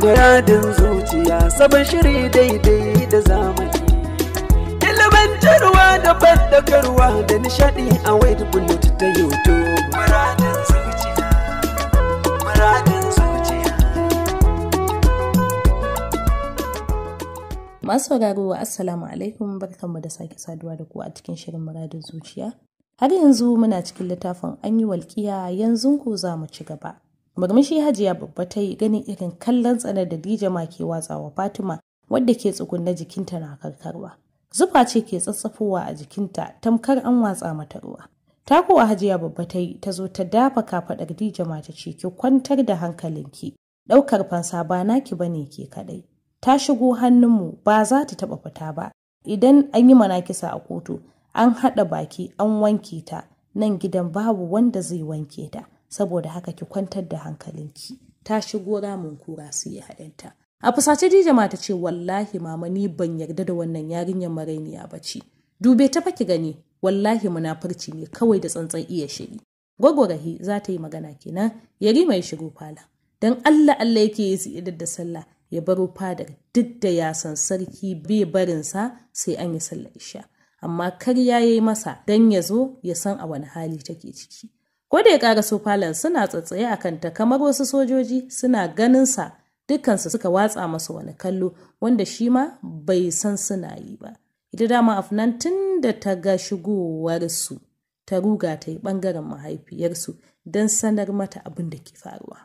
Muradin zuciya sabon shiri daidai da zamani. Ilimantarwa da bandagarwa da nishadi a wade bullet ta YouTube. Muradin zuciya, Masu sauraro Assalamu alaikum barkanmu da sake saduwa da ku a cikin shirin muradin zuciya. Har yanzu muna cikin littafin an yi walƙiya yanzu ku za mu ci gaba. murmushi hajiya babba ta yi ganin irin kallon tsanar da ma ke watsawa fatima wadda ke tsugunna jikinta na karkarwa zufa ce ke tsatsafowa a jikinta tamkar an watsa mata ruwa ta kowa hajiya babba ta yi ta zo ta dafa kafaɗar dije-ma ta ce ki kwantar da hankalinki ɗaukar fansa ba naki ba ne ke kaɗai ta shigo hannunmu ba za ta taɓa fita ba idan an yi mana kisa a kotu an haɗa baki an wanke ta nan gidan babu wanda zai wanke ta saboda haka ki kwantar da hankalinki ta shigo ramin kura su yi haɗinta a fusace dija ta ce wallahi mama ni ban yarda da wannan yarinyar marainiya ba ce dube ta faki gani wallahi munafurci ne kawai da tsantsan iya shiri gwagwarahi za ta yi magana kenan yari mai shigo fala don allah allah yake yi su da sallah ya baro fadar duk da ya san sarki bai barinsa sai an yi sallar isha amma kar ya yi masa don ya zo ya san a wani hali take ciki ko da ya ƙara so falon suna tsatsaye a kanta kamar wasu sojoji suna ganinsa dukansu suka watsa masa wani kallo wanda shi ma bai san suna yi ba ita dama afnan tun da ta ga shigowarsu ta ruga ta yi ɓangaren mahaifiyarsu don sanar mata abin da ke faruwa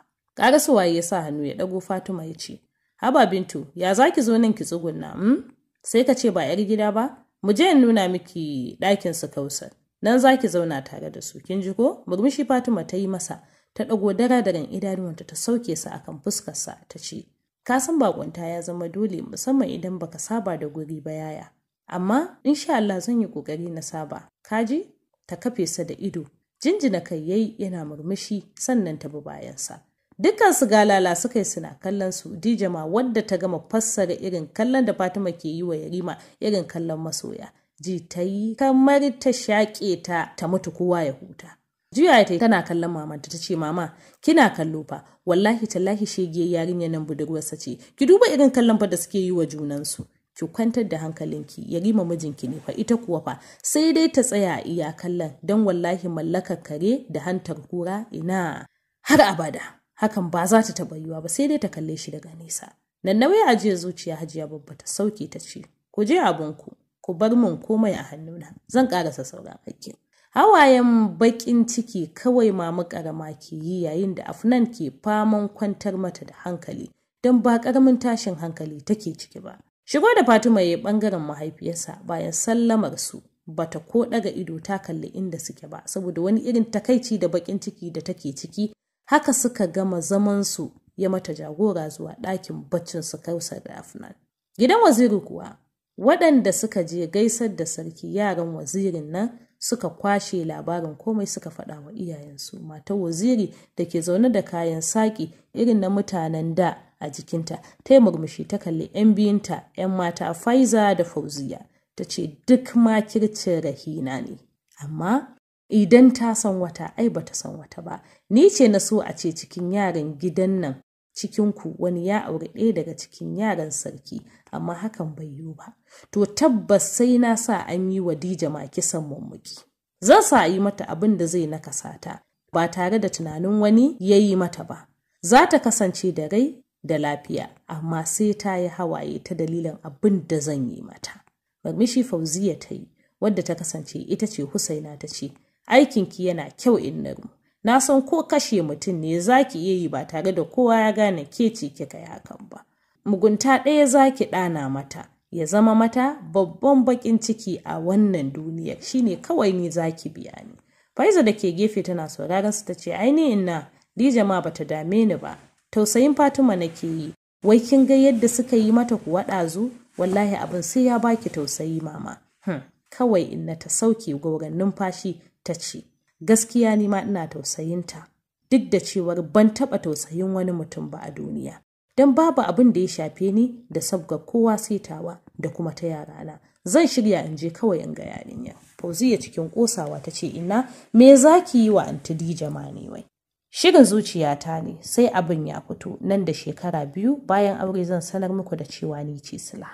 waye ya sa hannu ya ɗago fatima ya ce haba bintu ya za ki zo nan ki tsugunna hmm? sai ka ce ba 'yar gida ba mu je in nuna miki ɗakin su kausar nan za ki zauna tare da su kin ji ko murmushi fatima ta yi masa ta ɗago dara daren idanuwanta ta sauke sa akan fuskarsa ta ce ka san bakunta ya zama dole musamman idan baka saba da guri ba yaya amma insha Allah zan yi kokari na saba kaji ta kafe sa da ido jinjina kai yayi yana murmushi sannan ta bi bayansa dukkan su galala suka yi suna kallon su dijama wadda ta gama fassara irin kallon da Fatima ke yi wa Yarima irin kallon masoya ji ta yi kamar ta shaƙe ta ta mutu kowa ya huta jiya ta tana kallon mamanta ta ce mama kina kallo fa wallahi tallahi shege yarinya nan budurwarsa ce ki duba irin kallon fa da suke yi wa junansu ki kwantar da hankalinki ya rima mijinki ne fa ita kuwa fa sai dai ta tsaya a iya kallon don wallahi mallakar kare da hantar kura ina har abada hakan ba za ta taɓa yiwa ba sai dai ta kalle shi daga nesa nan nauyi ajiya zuciya hajiya babba ta sauke ta ce ku je abinku ku bar min komai a hannuna zan ƙarasa sauran aikin hawayen baƙin ciki kawai ma karama ke yi yayin da afnan ke faman kwantar mata da hankali don ba ƙaramin tashin hankali take ciki ba shigo da fatima ya yi bangaren mahaifiyarsa bayan sallamar su bata ko ɗaga ido ta kalli inda suke ba saboda wani irin takaici da baƙin ciki da take ciki haka suka gama zaman su ya mata jagora zuwa ɗakin baccin su kausar da afnan gidan waziri kuwa waɗanda suka je gaisar da sarki yaran wazirin nan suka kwashe labarin komai suka faɗa wa iyayensu mata waziri da ke zaune da kayan saƙi irin na mutanen da a jikinta ta yi murmushi ta kalli 'yan biyunta 'yan mata faiza da fauziya ta ce duk makircin rahina ne amma idan ta san wata ai bata san wata ba ni ce na so a ce cikin yaran gidan nan cikinku wani ya auri ɗaya daga cikin yaran sarki amma hakan bai yiwu ba to tabbas sai na sa an yi wa dija ma kisan mummuki zan sa yi mata abin da zai nakasa ta ba tare da tunanin wani ya yi mata ba za ta kasance da rai da lafiya amma sai ta yi hawaye ta dalilin abin da zan yi mata Barmishi fauziya ta yi wadda ta kasance ita ce husaina ta ce aikinki yana kyau in naru na san ko kashe mutum ne za ki iya yi ba tare da kowa ya gane ke ce kika yi hakan ba mugunta ɗaya za ki ɗana mata ya zama mata babban baƙin ciki a wannan duniyar shine kawai ni za ki biya ni faiza da ke gefe tana sauraron su ta ce ainihin na dija ma bata dame ni ba tausayin fatima nake yi wai kin ga yadda suka yi mata kuwa ɗazu wallahi abin sai ya baki tausayi mama hmm. kawai inna ta sauke gogan numfashi ta ce gaskiya ni ma ina tausayinta duk da cewar ban taɓa tausayin wani mutum ba a duniya don babu abin da ya shafe ni da sabga kowa saitawa da kuma ta yarana zan shirya in je kawai in ga yarinya fauziya cikin kosawa ta ce ina me za ki yi wa antidi ne wai shirin zuciyata ne sai abin ya fito nan da shekara biyu bayan aure zan sanar muku da cewa ni ce sila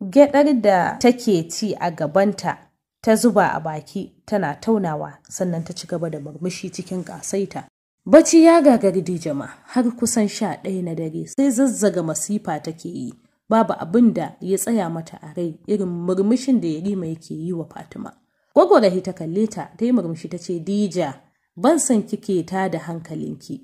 gyaɗar da take ci a gabanta ta zuba a baki tana taunawa sannan ta ci gaba da murmushi cikin ƙasaita. Bacci ya gagari Dijama har kusan sha ɗaya na dare sai zazzaga masifa take yi babu abin da ya tsaya mata a rai irin murmushin da Yarima yake yi wa Fatima. Gwagwarahi ta kalle ta ta yi murmushi ta ce Dija ban san kike ta da hankalinki.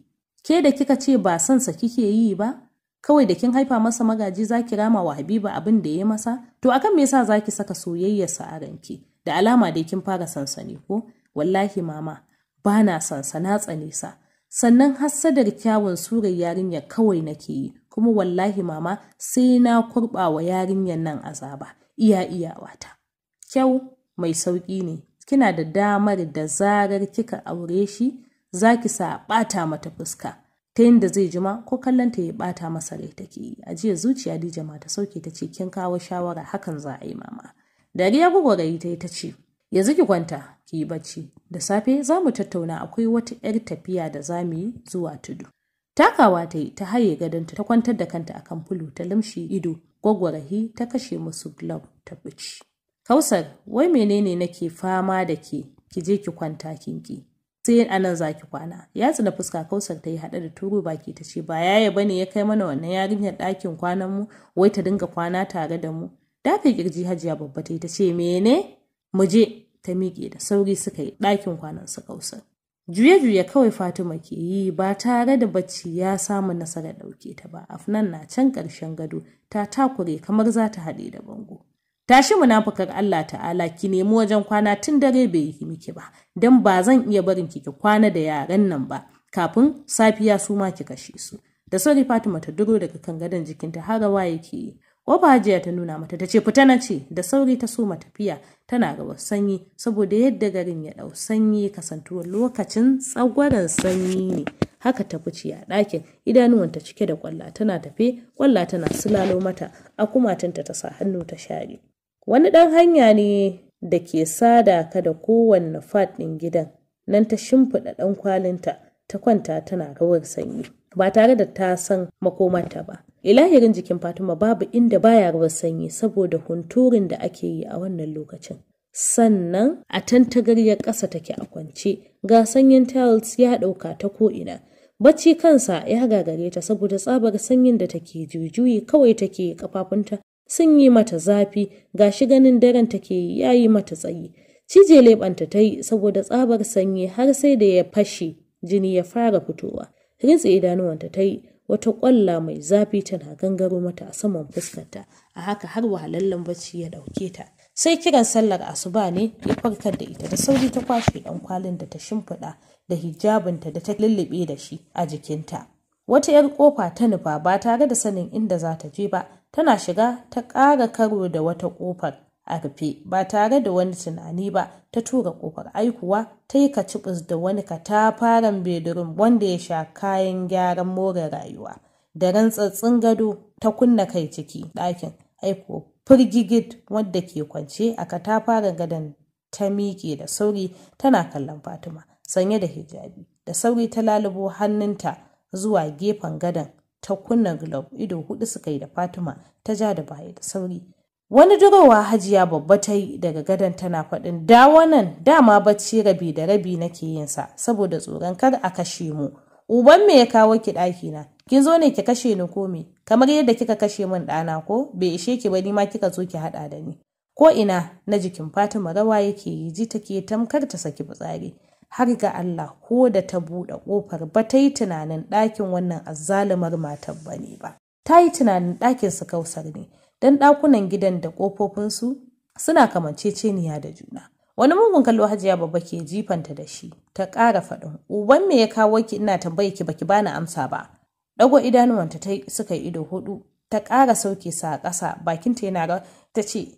Ke da kika ce ba sansa kike yi ba? Kawai da kin haifa masa magaji za ki rama wa Habiba abin da ya masa? To akan me yasa za ki saka soyayyarsa a ranki? da alama dai kin fara sansani ko wallahi mama ba na sansana nesa. tsane sa sannan hassadar kyawun surar yarinyar kawai nake yi kuma wallahi mama sai na kurɓa wa yarinyar nan azaba iya iyawata kyau mai sauƙi ne kina da damar da zarar kika aure shi za ki sa ɓata mata fuska ta yadda zai jima ko kallon ta ya ɓata masa rai take yi a jiya zuciya dijama ta sauke ta ce kin kawo shawara hakan za a yi mama Dariya gwagwarayi ta yi ta ce, Yanzu ki kwanta, ki yi bacci, da safe za mu tattauna akwai wata 'yar tafiya da za mu yi zuwa tudu. Takawa ta yi ta haye gadonta ta kwantar da kanta a kan fulu ta lamshi ido, gwagwarahi ta kashe musu glove ta bici. Kausar, wai menene nake fama da ke, ki je ki kwanta kinki. sai a nan za ki kwana ya tsina fuska kausar ta yi haɗe da turu baki ta ce ba yaya bane ya kai mana wannan yarinyar ɗakin kwanan mu wai ta dinga kwana tare da mu dafe kirji hajiya babba ta ta ce mene mu je ta miƙe da sauri suka yi ɗakin kwanan su kausa juye-juye kawai fatima ke yi ba tare da bacci ya samu nasara ɗauke ta ba afnan na can ƙarshen gado ta takure kamar za ta haɗe da bango tashi munafukar Allah ta'ala ki nemi wajen kwana tun dare bai yi miki ba don ba zan iya barin ki kwana da yaran nan ba kafin safiya su ma ki kashe su da sauri Fatima ta duro daga kan gadon jikinta har rawa yake yi Kofa Hajiya ta nuna mata ta ce fita na ce da sauri ta soma tafiya tana gaba sanyi saboda yadda garin ya ɗau sanyi kasantuwar lokacin tsagwaron sanyi ne. Haka ta fice a ɗakin idanuwanta cike da kwalla tana tafe kwalla tana sulalo mata a kumatinta ta sa hannu ta share. Wani ɗan hanya ne da ke sada ka da kowanne fat ɗin gidan nan ta shimfiɗa ɗan kwalinta ta kwanta tana rawar sanyi ba tare da ta san makomarta ba. ilahirin jikin fatima babu inda baya ruwan sanyi saboda hunturin da ake yi a wannan lokacin sannan a tantagaryar ƙasa take a kwance ga sanyin tiles ya ɗauka ta ko'ina bacci kansa ya gagare ta saboda tsabar sanyin da take jujuyi kawai take kafafunta sun yi mata zafi ga shi ganin daren take ya yi mata tsayi cije leɓanta ta yi saboda tsabar sanyi har sai da ya fashe jini ya fara fitowa rintse idanuwanta ta yi wata kwalla mai zafi tana gangaro mata a saman fuskanta a haka har wahalallen bacci ya ɗauke ta sai kiran sallar asuba ne ya farkar da ita da sauri ta kwashe ɗan kwalin da ta shimfiɗa da hijabinta da ta lullube da shi a jikinta wata 'yar ƙofa ta nufa ba tare da sanin inda za ta je ba tana shiga ta ƙara karo da wata ƙofar a rufe ba tare da wani tunani ba ta tura kofar aikuwa ta yi kacibus da wani katafaren bedroom wanda ya sha kayan gyaran more rayuwa da rantsatsin gado ta kunna kai ciki ɗakin aiko firgigid wanda ke kwance a katafaren gadon ta miƙe da sauri tana kallon fatima sanye da hijabi da sauri ta lalubo hannunta zuwa gefen gadon ta kunna glove ido hudu suka yi da fatima ta ja da baya da sauri Wani durowa hajiya babba ta yi daga gadon tana faɗin dawo nan dama bacci rabi da rabi nake yin sa saboda tsoron kar a kashe mu. Uban me ya kawo ki ɗaki na? Kin zo ne ki kashe ni ko me? Kamar yadda kika kashe min ɗana ko bai ishe ki ba ni ma kika zo ki haɗa da ni. Ko ina na jikin Fatima rawa yake yi ji take tamkar ta saki fitsari. Har ga Allah ko da ta buɗe ƙofar ba ta yi tunanin ɗakin wannan azzalumar matar ba ne ba. Ta yi tunanin ɗakin su kausar ne. don ɗakunan gidan da ƙofofinsu suna kamanceceniya da juna. Wani mugun kallo hajiya babba ke jifanta da shi ta ƙara faɗin uban me ya kawo ki ina tambaye ki baki bani amsa ba. Ɗago idanuwanta ta suka yi ido hudu ta ƙara sauke sa a ƙasa bakinta yana ta ce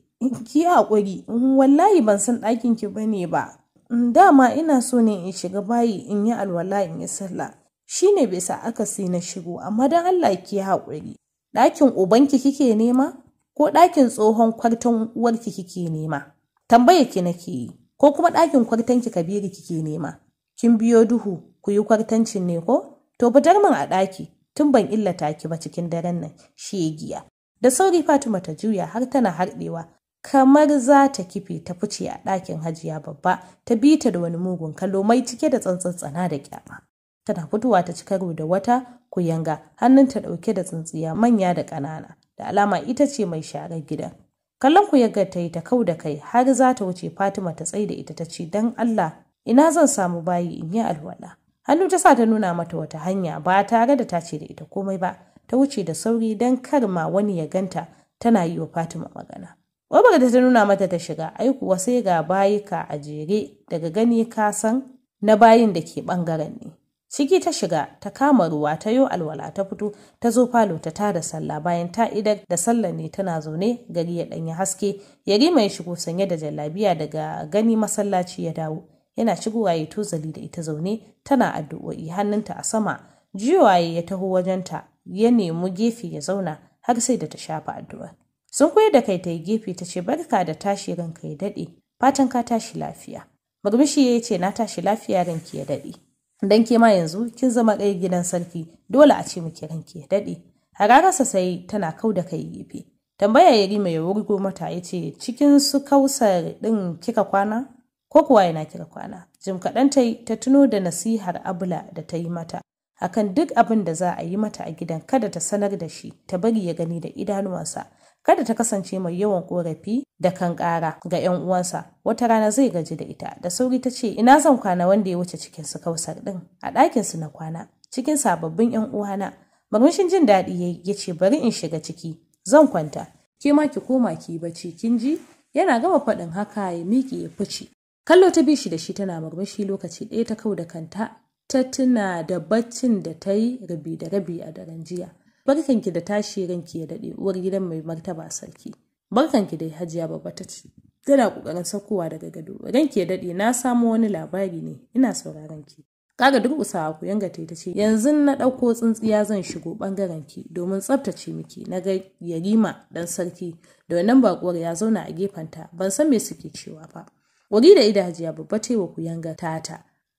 ki haƙuri mm, wallahi ban san ɗakin ki ne ba mm, dama ina so ne in shiga bayi in yi alwala in yi sallah Shi ne bai sa akasi na shigo amma dan Allah ki haƙuri ɗakin ubanki kike nema ko ɗakin tsohon kwarton uwarki kike nema tambaya ki nake yi ko kuma ɗakin kwartanki kabiru kike nema kin biyo duhu ku yi kwartancin ne ko to fitar min a ɗaki tun ban illata ki ba cikin daren nan shegiya da sauri fatima ta juya har tana harɗewa kamar za ta kife ta fice a ɗakin hajiya babba ta bi ta da wani mugun kallo mai cike da tsantsantsana da kyama tana fitowa ta ci da wata kuyanga hannunta ɗauke da tsintsiya manya da ƙanana da alama ita ce mai sharar gidan kallon ku yaga ta yi ta kau da kai har za ta wuce fatima ta tsaye da ita ta ce don allah ina zan samu bayi in yi alwala hannu ta sa ta nuna mata wata hanya ba tare da ta ce da ita komai ba ta wuce da sauri don kar ma wani ya ganta tana yi wa fatima magana Wabar da ta nuna mata ta shiga aikuwa sai ga bayika a jere daga gani ka san na bayin da ke ɓangaren ne. Ciki ta shiga, ta kama ruwa, ta yo alwala, ta fito, ta zo falo ta tada sallah bayan ta idar da sallah ne tana zaune gari ya ɗanyi haske. Yari mai shigo sanye da jallabiya daga gani masallaci ya dawo. Yana shigowa ya tozali da ita zaune, tana addu'o'i hannunta a sama. Jiwaye ya taho wajenta, ya nemi gefe ya zauna, har sai da ta shafa addu'a Sun koyar da kai ta yi gefe ta ce barka da tashi ranka ya daɗe, fatan ka tashi lafiya. Murmushi ya ce na tashi lafiya ranki ya daɗe. dan ke ma yanzu kin zama ɗaya gidan sarki dole a ce ranke daɗe ya daɗe sa sai tana kau da kai gefe tambaya yari mai wurgo mata ya ce cikin su kausar ɗin kika kwana ko kuwa yana kika kwana jim kaɗan ta ta tuno da nasihar abula da ta yi mata akan duk abin da za a yi mata a gidan kada ta sanar da shi ta bari ya gani da idanuwansa kada ta kasance mai yawan korafi da kan ƙara ga 'yan uwansa wata rana zai gaji da ita da sauri ta ce ina zan kwana wanda ya wuce cikin su kausar din a ɗakin su na kwana cikin sababbin 'yan uwana murmushin jin daɗi ya ce bari in shiga ciki zan kwanta ke ma ki koma ki bacci kin ji yana gama faɗin haka ya miƙe ya fice kallo ta bi shi da shi tana murmushi lokaci ɗaya ta kau da kanta ta tuna da baccin da ta yi rabi da rabi a daren jiya barkanki da tashi ranki ya daɗe uwar gidan mai martaba sarki barkanki dai hajiya babba ta ce tana kokarin saukowa daga gado ranki ya daɗe na samo wani labari ne ina sauraron ki kaga durƙusawa ku yanga ta ce yanzu na ɗauko tsintsiya zan shigo ɓangaren ki domin tsaftace miki na ga yarima dan sarki da wannan bakuwar ya zauna a gefenta ban san me suke cewa fa. wuri da ida hajiya babba ta wa ku yanga ta.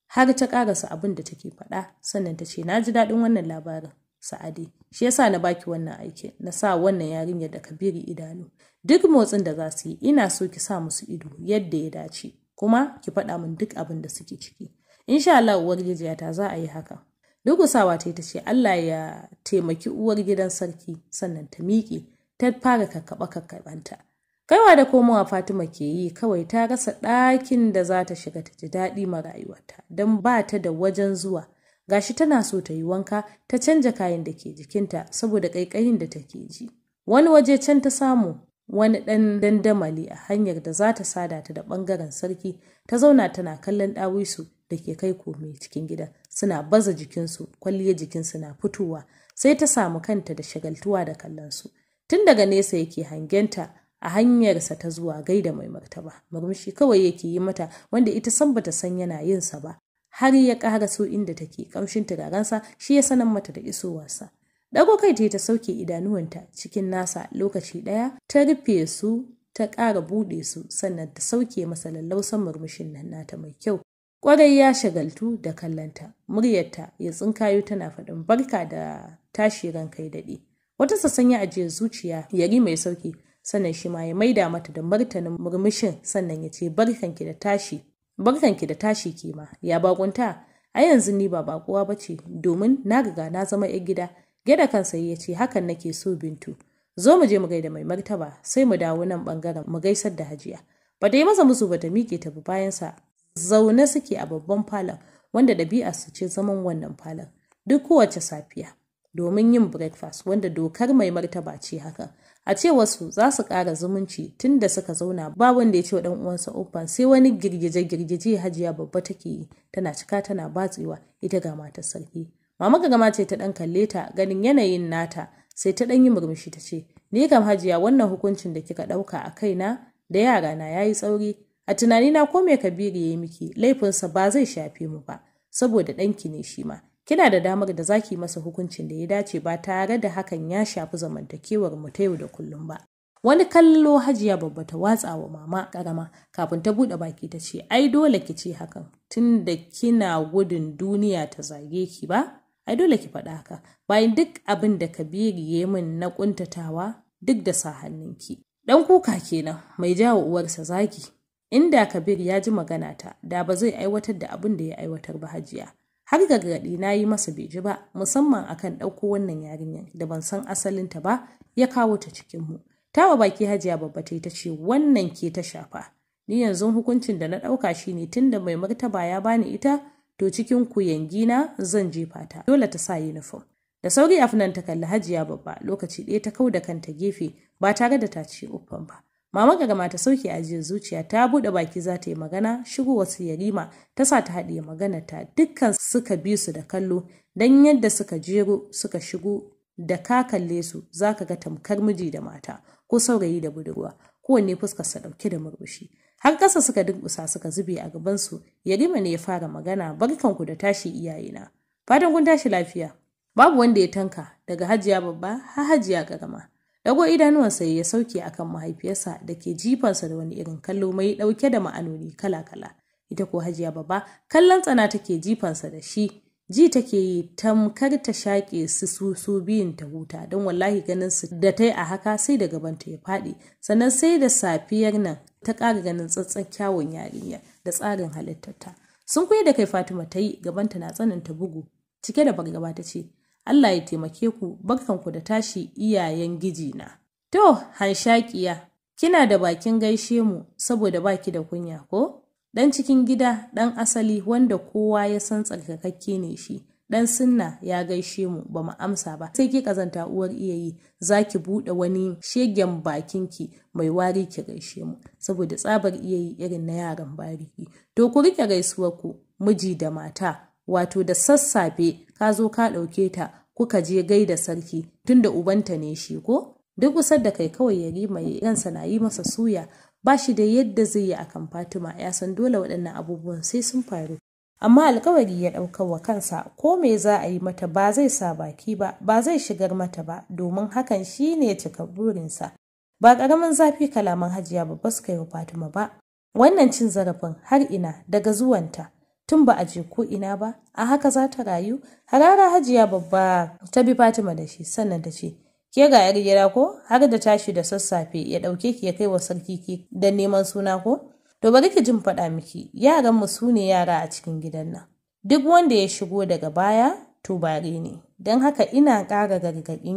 har ta karasa abin da take faɗa sannan ta ce na ji daɗin wannan labarin sa'adi shi yasa na baki wannan aiki na sa wannan yarinyar da kabiri idanu duk motsin da za su yi ina so ki sa musu ido yadda ya dace kuma ki faɗa min duk abin da suke ciki insha Allah uwar ta za a yi haka Dugusawa ta ta ce Allah ya taimaki uwar gidan sarki sannan ta miƙe ta fara kakkaba kakkabanta Kaiwa da komowa Fatima ke yi kawai ta rasa ɗakin da za ta shiga ta ji daɗi ma rayuwarta don ba ta da wajen zuwa gashi tana so ta yi wanka ta canja kayan da ke jikinta saboda ƙaiƙayin da take ji wani waje can ta samu wani ɗan dandamali a hanyar da za ta sada ta da ɓangaren sarki ta zauna tana kallon ɗawisu da ke kai kome cikin gida suna baza jikinsu kwalliya jikinsu na fitowa sai ta samu kanta da shagaltuwa da kallonsu tun daga nesa yake hangenta a hanyarsa ta zuwa gaida mai martaba murmushi kawai yake yi mata wanda ita san bata san yana yinsa ba har ya ƙara so inda take ƙamshin turarensa shi ya sanar mata da isowarsa. Dago kai ta yi ta sauke idanuwanta cikin nasa lokaci ɗaya ta rufe su ta ƙara buɗe su sannan ta sauke masa lallausan murmushin nan nata mai kyau. kwarai ya shagaltu da kallanta, muryarta ya tsinkayo tana faɗin barka da tashi ran kai daɗi. Wata sassan ya ajiye zuciya yari mai sauki sannan shi ma ya maida mata da martanin murmushin sannan ya ce barkanki da tashi barkanki da tashi kima ya bakunta a yanzu ni ba bakuwa ba ce domin na riga na zama yan gida gida kansa ya ce hakan nake so bintu zo mu je mu gaida mai martaba sai mu dawo nan bangaren mu gaisar da hajiya ba ta yi masa musu ba ta miƙe ta bi bayansa zaune suke a babban falon wanda ɗabi'a su ce zaman wannan falon duk kowace safiya domin yin breakfast wanda dokar mai martaba ce hakan a ce wasu za su ƙara zumunci tun da suka zauna ba wanda ya ce wa uwansa uffan sai wani girgije girgije hajiya babba take yi tana cika tana batsewa ita ga matar sarki mama gama ce ta ɗan kalle ta ganin yanayin nata sai ta ɗan yi murmushi ta ce ni kam hajiya wannan hukuncin da kika ɗauka a kai na da yara na yayi tsauri a tunanina ko me kabiru ya yi miki laifinsa ba zai shafe mu ba saboda ɗanki ne shi ma kina da damar da zaki masa hukuncin da ya dace ba tare da hakan ya shafi zamantakewar mu ta yau da kullum ba wani kallo hajiya babba ta watsa wa mama karama kafin ta bude baki ta ce ai dole ki ce hakan Tun da kina gudun duniya ta zage ki ba ai dole ki faɗa haka bayan duk abin da kabiru ya min na ƙuntatawa, duk da sa ki. dan kuka kenan mai jawo uwarsa zaki. inda kabir ya ji magana ta da ba zai aiwatar da abin da ya aiwatar ba hajiya har gargaɗi na yi masa bai ji ba musamman akan ɗauko wannan yarinyar da ban san asalinta ba ya kawo ta cikin cikinmu tawa baki hajiya babba ta ta ce wannan ke ta shafa ni yanzu hukuncin da na ɗauka shi shine tunda mai martaba ya bani ita to cikin ku na zan jefa ta dole ta sa uniform da sauri afnan ta kalli hajiya babba lokaci ɗaya ta kau da kanta gefe ba tare da ta ce uffan ba Mama gama ta sauke ajiyar zuciya ta buɗe baki za ta yi magana shigo wasu yarima ta sa ta haɗiye magana ta dukkan suka bi su da kallo don yadda suka jero suka shigo da ka kalle su za ka ga tamkar miji da mata ko saurayi da budurwa kowanne fuskarsa ɗauke da murmushi. har ƙasa suka durƙusa suka zube a gabansu yarima ne ya fara magana barkan ku da tashi iyayena fatan kun tashi lafiya babu wanda ya tanka daga hajiya babba har hajiya ƙarama Dago idanuwansa ya sauke akan mahaifiyarsa da ke jifansa da wani irin kallo mai ɗauke da ma'anoni kala-kala. Ita ko hajiya baba kallon tsana take jifansa da shi. Ji take yi tamkar ta shaƙe su su biyun ta huta don wallahi ganin su da ta yi a haka sai da gabanta ya faɗi. Sannan sai da safiyar nan ta ƙara ganin tsatsan kyawun yarinya da tsarin halittarta. Sun kuyi da kai Fatima ta yi gabanta na tsananta bugu cike da fargaba ta ce Allah ya taimake ku barkanku da tashi iyayen gijina. To, hanshaƙiya, kina da bakin gaishe mu saboda baki da kunya ko? Ɗan cikin gida ɗan asali wanda kowa ya san tsarkakakke ne shi. Ɗan sunna ya gaishe mu ba mu amsa ba. Sai ki ƙazanta uwar iyayi za ki buɗe wani shegen bakinki mai wari ki gaishe mu saboda tsabar iyayi irin na yaran bariki. To ku rike gaisuwar ku miji da mata wato da sassafe ka zo ka ɗauke ta kuka je gai da sarki tun da ubanta ne shi ko duk kusar da kai kawai ya mai yansa na yi masa suya ba shi da yadda zai yi akan fatima ya san dole waɗannan abubuwan sai sun faru amma alkawari ya ɗauka wa kansa ko me za a yi mata ba zai sa baki ba ba zai shigar mata ba domin hakan shi ne cika burinsa ba ƙaramin zafi kalaman hajiya ba ba su kai wa fatima ba wannan cin zarafin har ina daga zuwanta tun ba a je ko ina ba a haka za ta rayu harara hajiya babba ta bi fatima da shi sannan ta ce ke ga yar gida ko har da tashi da sassafe ya dauke ki ya kai wa sarki ki da neman suna ko to bari ki jin faɗa miki yaran mu su ne yara a cikin gidan nan duk wanda ya shigo daga baya to bare ne don haka ina ƙara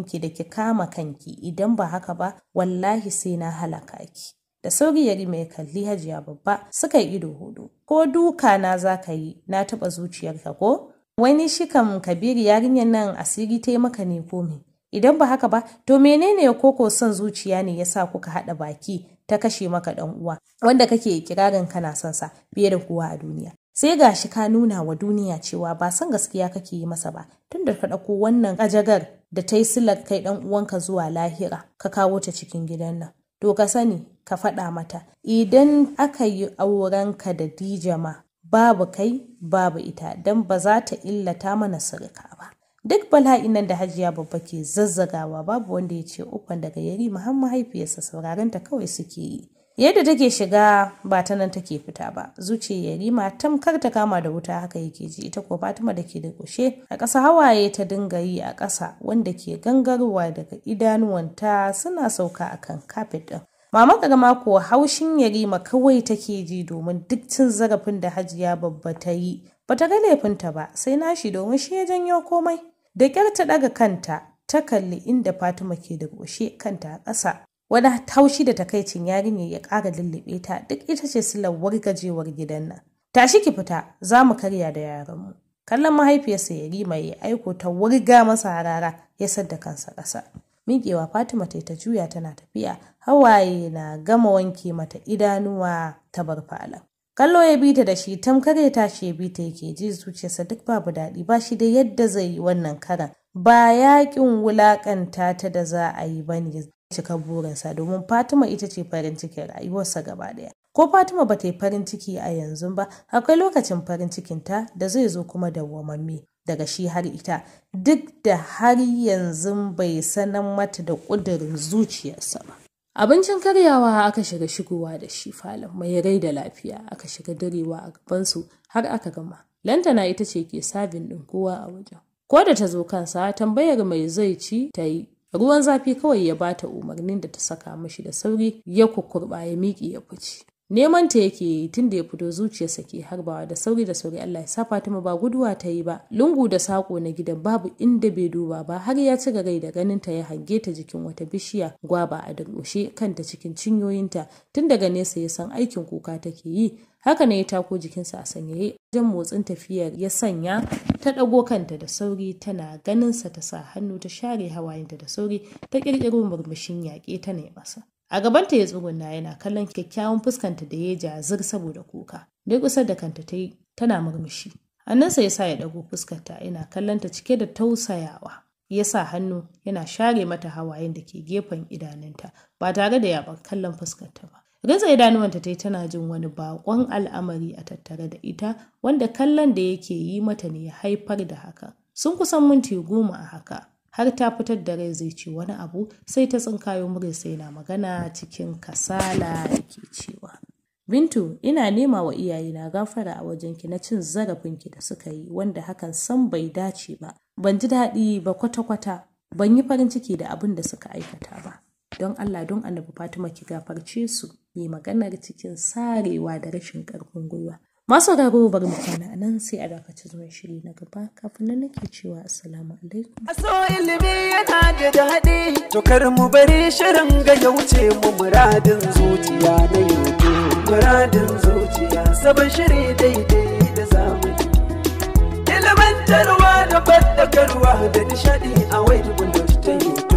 ki da ki kama kanki idan ba haka ba wallahi sai na halaka ki da sauri yari mai kalli hajiya babba suka yi ido hudu ko duka na za ka yi na taɓa zuciyarka ko wani shikan kam kabiru yarinyar nan asiri ta yi maka ne ko me idan ba haka ba to menene koko son zuciya ne yasa kuka haɗa baki ta kashe maka ɗan uwa wanda kake kirarin kana son sa fiye da kowa a duniya sai gashi ka nuna wa duniya cewa ba san gaskiya kake yi masa ba tunda ka ɗauko wannan ajagar da ta yi silar kai ɗan uwanka zuwa lahira ka kawo ta cikin gidan nan to ka sani ka faɗa mata idan aka yi aurenka da dijama babu kai babu ita don ba za ta illata mana sirka ba duk bala'in da hajiya babba ke zazzagawa babu wanda ya ce uban daga yari muhan mahaifiyarsa sauraron ta kawai suke yi yadda take shiga ba ta nan take fita ba zuciyar yarima tamkar ta kama da wuta haka yake ji ita ko fatima da ke da kushe a ƙasa hawaye ta dinga yi a ƙasa wanda ke gangarwa daga idanuwanta suna sauka akan kafet ɗin Mama Karama mako haushin Yarima kawai take ji domin duk cin zarafin da Hajiya babba ta yi. Bata ga laifinta ba sai nashi domin shi ya janyo komai. Da kyar ta ɗaga kanta ta kalli inda Fatima ke da goshe kanta a ƙasa. Wani taushi da takaicin yarinyar ya ƙara lullube ta duk ita ce silar gajewar gidan nan. Tashi ki fita za mu karya da yaranmu. Kallon mahaifiyarsa Yarima ya aiko ta wurga masa harara ya sadda kansa ƙasa. miƙewa fatima ta yi ta juya tana tafiya hawaye na gama wanke mata idanuwa ta bar falon kallo ya bi ta da shi tamkar ya tashi ya bi ta yake ji zuciyarsa duk babu daɗi ba shi da yadda zai yi wannan karan ba yaƙin wulaƙanta ta da za a yi ba ne cika burinsa domin fatima ita ce farin cikin rayuwarsa gaba ɗaya ko fatima ba ta yi farin ciki a yanzu ba akwai lokacin farin cikinta da zai zo kuma dawwamamme daga shi har ita duk da har yanzu bai sanan mata da ƙudurin zuciyarsa ba. Abincin karyawa aka shiga shigowa da shi falon mai rai da lafiya aka shiga darewa a gabansu har aka gama. Lantana ita ce ke sabin ɗin kowa a wajen. Ko da ta zo kansa tambayar mai zai ci ta yi ruwan zafi kawai ya bata umarnin da ta saka mashi da sauri ya kukurba ya miƙe ya fice neman ta yake yi tun da ya fito zuciyarsa ke harbawa da sauri da sauri Allah ya sa Fatima ba guduwa ta yi ba lungu da sako na gidan babu inda bai duba ba har ya ci rai da ganin ta ya hange ta jikin wata bishiya gwaba a durƙushe kanta cikin cinyoyinta tun daga nesa ya san aikin kuka take yi haka ne ya tako jikinsa a sanyaye wajen motsin tafiyar ya sanya ta ɗago kanta da sauri tana ganinsa ta sa hannu ta share hawayenta da sauri ta ƙirƙiro murmushin yaƙe ta ne masa A gabanta ya tsugunna yana kallon kyakkyawan fuskanta da ya jazir saboda kuka. Dai kusa da kanta ta yi tana murmushi. Hannunsa ya sa ya ɗago fuskarta yana ta cike da tausayawa. Ya sa hannu yana share mata hawayen da ke gefen idanunta ba tare da yaɓar kallon fuskanta ba. Rinsa idanuwanta ta yi tana jin wani baƙon al'amari a tattare da ita wanda kallon da yake yi mata ne ya haifar da haka. Sun kusan minti goma a haka. har ta fitar da rai zai ce wani abu sai ta tsinkayo sai na magana cikin kasala yake cewa Bintu ina nema wa iyayena gafara a wajenki na cin zarafinki da suka yi wanda hakan san bai dace ba ban ji daɗi ba kwata-kwata ban yi farin ciki da abin da suka aikata ba don Allah don annabi Fatima ki gafarce su yi maganar cikin sarewa da rashin ƙarfin gwiwa masu raro bari mu nan sai a dakaci zuwan shiri na gaba kafin nan nake cewa asalamu alaikum aso ilimi yana da daɗi to kar mu bari shirin ga ya wuce mu muradin zuciya na yau muradin zuciya sabon shiri daidai da zamani ilimantarwa da fadakarwa da nishaɗi a wai ta yi